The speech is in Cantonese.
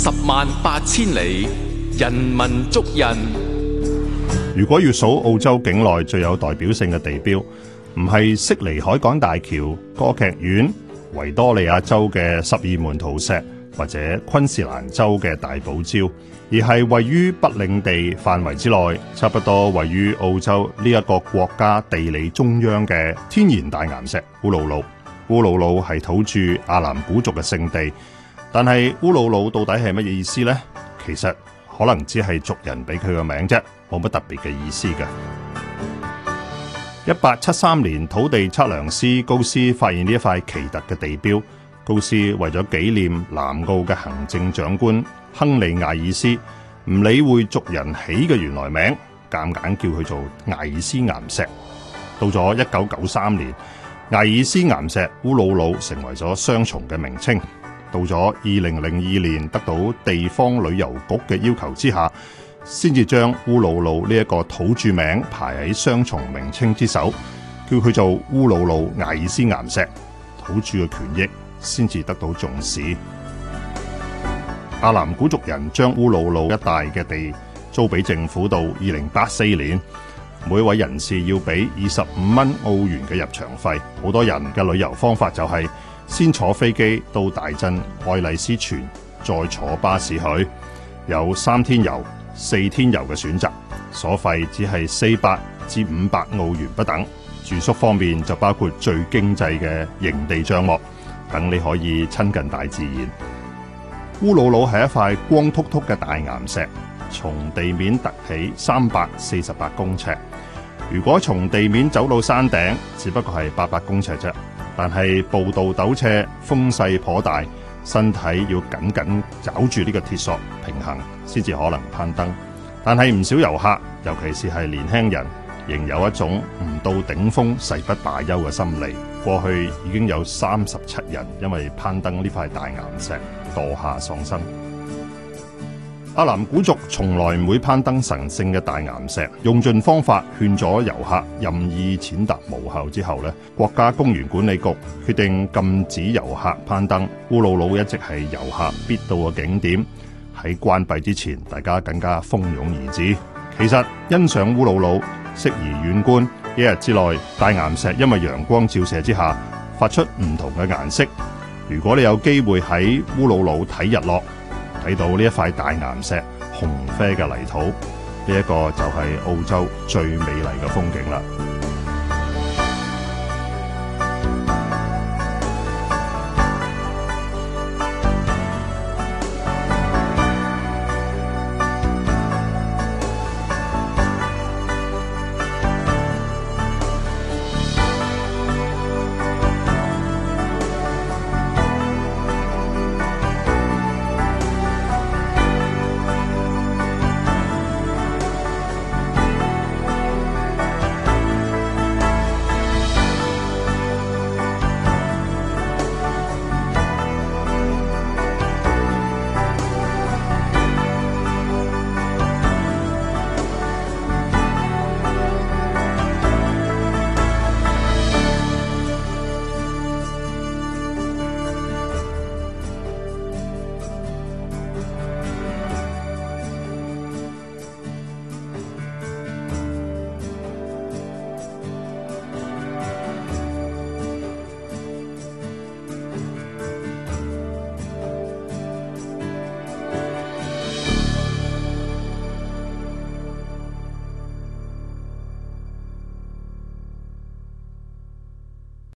十萬八千里，人文足印。如果要數澳洲境內最有代表性嘅地標，唔係悉尼海港大橋、歌劇院、維多利亞州嘅十二門徒石，或者昆士蘭州嘅大堡礁，而係位於北領地範圍之內，差不多位於澳洲呢一個國家地理中央嘅天然大岩石烏魯魯。烏魯魯係土著阿南古族嘅聖地。但係烏魯魯到底係乜嘢意思呢？其實可能只係族人俾佢個名啫，冇乜特別嘅意思嘅。一八七三年，土地測量師高斯發現呢一塊奇特嘅地標。高斯為咗紀念南澳嘅行政長官亨利艾爾斯，唔理會族人起嘅原來名，夾硬叫佢做艾爾斯岩石。到咗一九九三年，艾爾斯岩石烏魯魯成為咗雙重嘅名稱。到咗二零零二年，得到地方旅遊局嘅要求之下，先至將烏魯魯呢一個土著名排喺雙重名稱之首，叫佢做烏魯魯艾爾斯岩石。土著嘅權益先至得到重視。阿南古族人將烏魯魯一帶嘅地租俾政府，到二零八四年。每位人士要俾二十五蚊澳元嘅入場費，好多人嘅旅遊方法就係先坐飛機到大鎮愛麗絲泉，再坐巴士去，有三天遊、四天遊嘅選擇，所費只係四百至五百澳元不等。住宿方面就包括最經濟嘅營地帳幕，等你可以親近大自然。烏魯魯係一塊光禿禿嘅大岩石，從地面突起三百四十八公尺。如果從地面走到山頂，只不過係八百公尺啫。但係步道陡斜，風勢頗大，身體要緊緊抓住呢個鐵索平衡，先至可能攀登。但係唔少遊客，尤其是係年輕人。仍有一種唔到頂峰、誓不罷休嘅心理。過去已經有三十七人因為攀登呢塊大岩石墮下喪生。阿南古族從來唔會攀登神聖嘅大岩石，用盡方法勸咗遊客任意踐踏無效之後咧，國家公園管理局決定禁止遊客攀登。烏魯魯一直係遊客必到嘅景點，喺關閉之前，大家更加蜂擁而至。其實欣賞烏魯魯適宜遠觀，一日之內大岩石因為陽光照射之下發出唔同嘅顏色。如果你有機會喺烏魯魯睇日落，睇到呢一塊大岩石紅啡嘅泥土，呢、這、一個就係澳洲最美麗嘅風景啦。